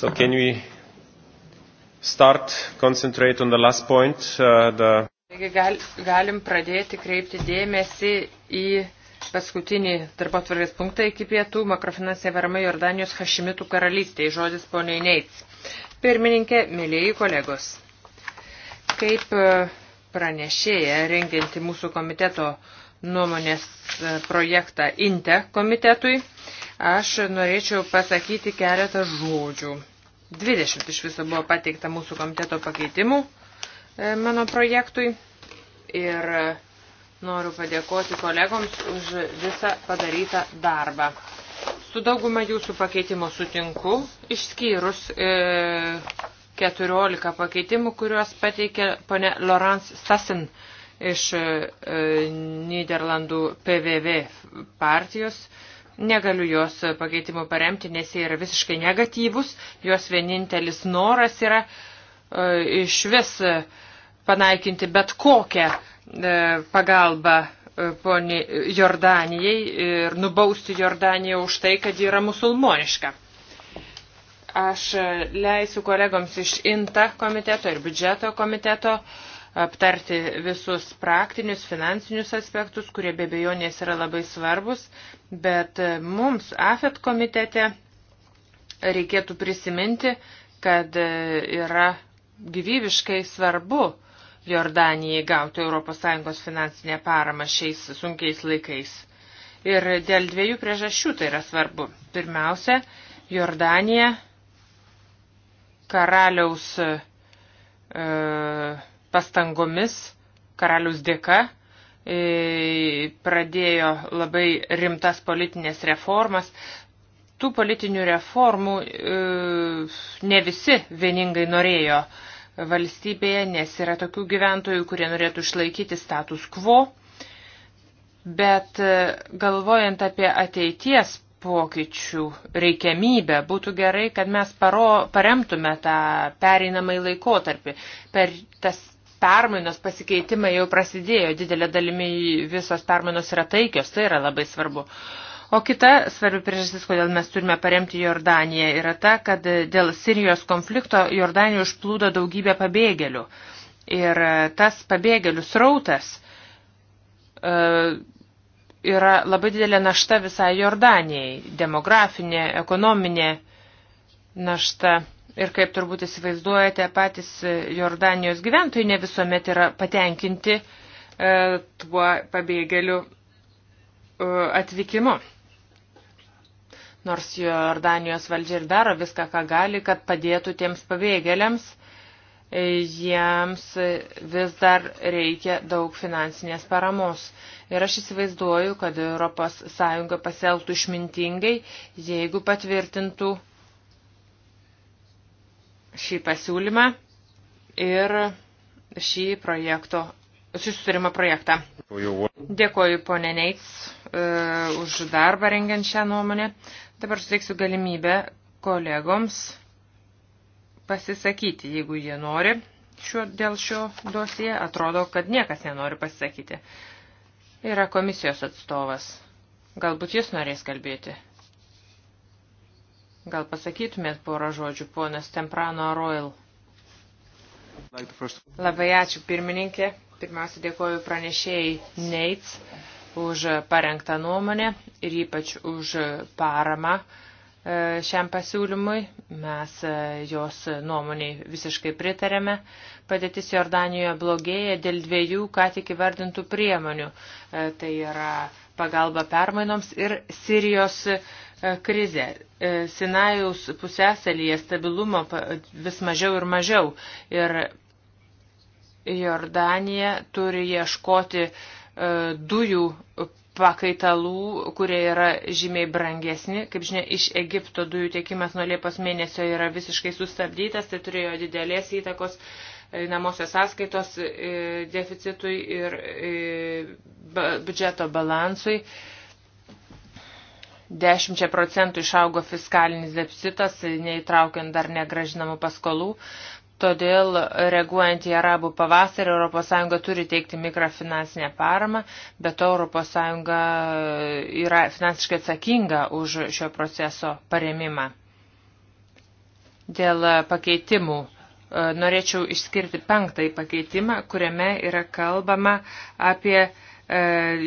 So can we start, concentrate on the last point? Uh, the... Taigi gal, galim pradėti kreipti dėmesį į paskutinį darbo tvarkės punktą iki pietų – makrofinansinė varama Jordanijos Hašimitų karalystėje. Žodis poniai Neits. Pirmininkė, mėlėjai kolegos, kaip e, pranešėja rengianti mūsų komiteto nuomonės e, projektą INTE komitetui – Aš norėčiau pasakyti keletą žodžių. 20 iš viso buvo pateikta mūsų komiteto pakeitimų e, mano projektui ir e, noriu padėkoti kolegoms už visą padarytą darbą. Su dauguma jūsų pakeitimo sutinku, išskyrus e, 14 pakeitimų, kuriuos pateikė pone Laurence Stasin iš e, e, Niderlandų PVV partijos. Negaliu jos pakeitimų paremti, nes jie yra visiškai negatyvus. Jos vienintelis noras yra e, iš vis panaikinti bet kokią pagalbą poni Jordanijai ir nubausti Jordaniją už tai, kad ji yra musulmoniška. Aš leisiu kolegoms iš INTA komiteto ir biudžeto komiteto uh, aptarti visus praktinius, finansinius aspektus, kurie be bejonės yra labai svarbus, bet e, mums AFET komitete reikėtų prisiminti, kad e, yra gyvybiškai svarbu Jordanijai gauti ES finansinę paramą šiais sunkiais laikais. Ir dėl dviejų priežasčių tai yra svarbu. Pirmiausia, Jordanija karaliaus e, pastangomis, karalius dėka, e, pradėjo labai rimtas politinės reformas. Tų politinių reformų e, ne visi vieningai norėjo valstybėje, nes yra tokių gyventojų, kurie norėtų išlaikyti status quo. Bet e, galvojant apie ateities pokyčių reikiamybę, būtų gerai, kad mes paro, paremtume tą pereinamąjį laikotarpį. Per tas permainos pasikeitimai jau prasidėjo, didelė dalimi visos permainos yra taikios, tai yra labai svarbu. O kita svarbi priežastis, kodėl mes turime paremti Jordaniją, yra ta, kad dėl Sirijos konflikto Jordanijų užplūdo daugybė pabėgėlių. Ir tas pabėgėlių srautas e, yra labai didelė našta visai Jordanijai - demografinė, ekonominė našta. Ir kaip turbūt įsivaizduojate, patys Jordanijos gyventojai ne visuomet yra patenkinti e, tuo pabėgėlių e, atvykimu. Nors Jordanijos valdžia ir daro viską, ką gali, kad padėtų tiems pabėgėliams, e, jiems vis dar reikia daug finansinės paramos. Ir aš įsivaizduoju, kad ES pasielgtų išmintingai, jeigu patvirtintų šį pasiūlymą ir šį projekto, šį susirimo projektą. Dėkoju ponė Neits uh, už darbą rengiant šią nuomonę. Dabar suteiksiu galimybę kolegoms pasisakyti, jeigu jie nori šiuo, dėl šio dosie. Atrodo, kad niekas nenori pasisakyti. Yra komisijos atstovas. Galbūt jis norės kalbėti. Gal pasakytumėt porą žodžių, ponas Temprano Royal. Labai ačiū pirmininkė. Pirmiausia, dėkoju pranešėjai Neits už parengtą nuomonę ir ypač už paramą e, šiam pasiūlymui. Mes e, jos nuomoniai visiškai pritarėme. Padėtis Jordanijoje blogėja dėl dviejų ką tik įvardintų priemonių. E, tai yra pagalba permainoms ir Sirijos E, krizė. E, Sinajaus pusėsalyje stabilumo vis mažiau ir mažiau. Ir Jordanija turi ieškoti e, dujų pakaitalų, kurie yra žymiai brangesni. Kaip žinia, iš Egipto dujų tiekimas nuo Liepos mėnesio yra visiškai sustabdytas, tai turėjo didelės įtakos namosios sąskaitos deficitui ir biudžeto balansui. E, 10 procentų išaugo fiskalinis deficitas, neįtraukiant dar negražinamų paskolų. Todėl, reaguojant į arabų pavasarį, ES turi teikti mikrofinansinę paramą, bet ES yra finansiškai atsakinga už šio proceso paremimą. Dėl pakeitimų e, norėčiau išskirti penktąjį pakeitimą, kuriame yra kalbama apie E,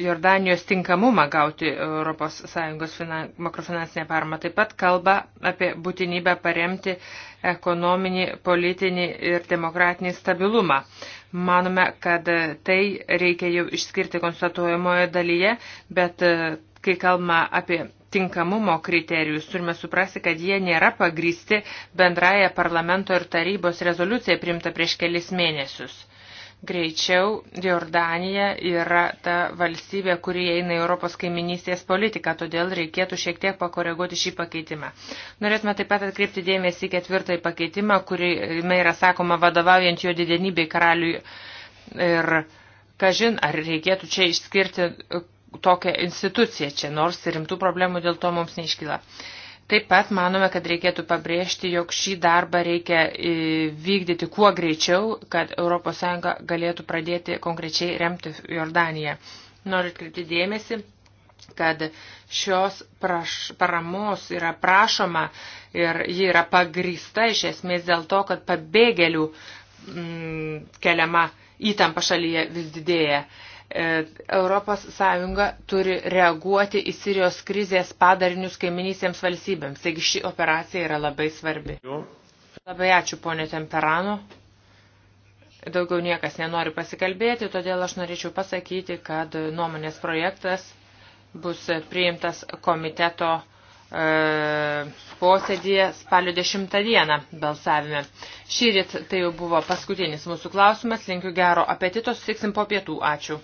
Jordanijos tinkamumą gauti ES finan, makrofinansinę paramą. Taip pat kalba apie būtinybę paremti ekonominį, politinį ir demokratinį stabilumą. Manome, kad tai reikia jau išskirti konstatuojamoje dalyje, bet e, kai kalbama apie tinkamumo kriterijus, turime suprasti, kad jie nėra pagrysti bendraja parlamento ir tarybos rezoliucija primta prieš kelis mėnesius greičiau Jordanija yra ta valstybė, kuri eina į Europos kaiminystės politiką, todėl reikėtų šiek tiek pakoreguoti šį pakeitimą. Norėtume taip pat atkreipti dėmesį į ketvirtąjį pakeitimą, kuriame yra sakoma vadovaujant jo didenybei karaliui ir kažin, ar reikėtų čia išskirti tokią instituciją čia, nors rimtų problemų dėl to mums neiškyla. Taip pat manome, kad reikėtų pabrėžti, jog šį darbą reikia e, vykdyti kuo greičiau, kad ES galėtų pradėti konkrečiai remti Jordaniją. Noriu atkreipti dėmesį, kad šios praš, paramos yra prašoma ir ji yra pagrįsta iš esmės dėl to, kad pabėgėlių m, mm, keliama įtampa šalyje vis didėja. ES turi reaguoti į Sirijos krizės padarinius kaiminysiems valstybėms. Taigi ši operacija yra labai svarbi. Labai ačiū, ponė Temperano. Daugiau niekas nenori pasikalbėti, todėl aš norėčiau pasakyti, kad nuomonės projektas bus priimtas komiteto E, posėdėje spalio 10 dieną balsavime. Šįryt tai jau buvo paskutinis mūsų klausimas. Linkiu gero apetito. Susiksim po pietų. Ačiū.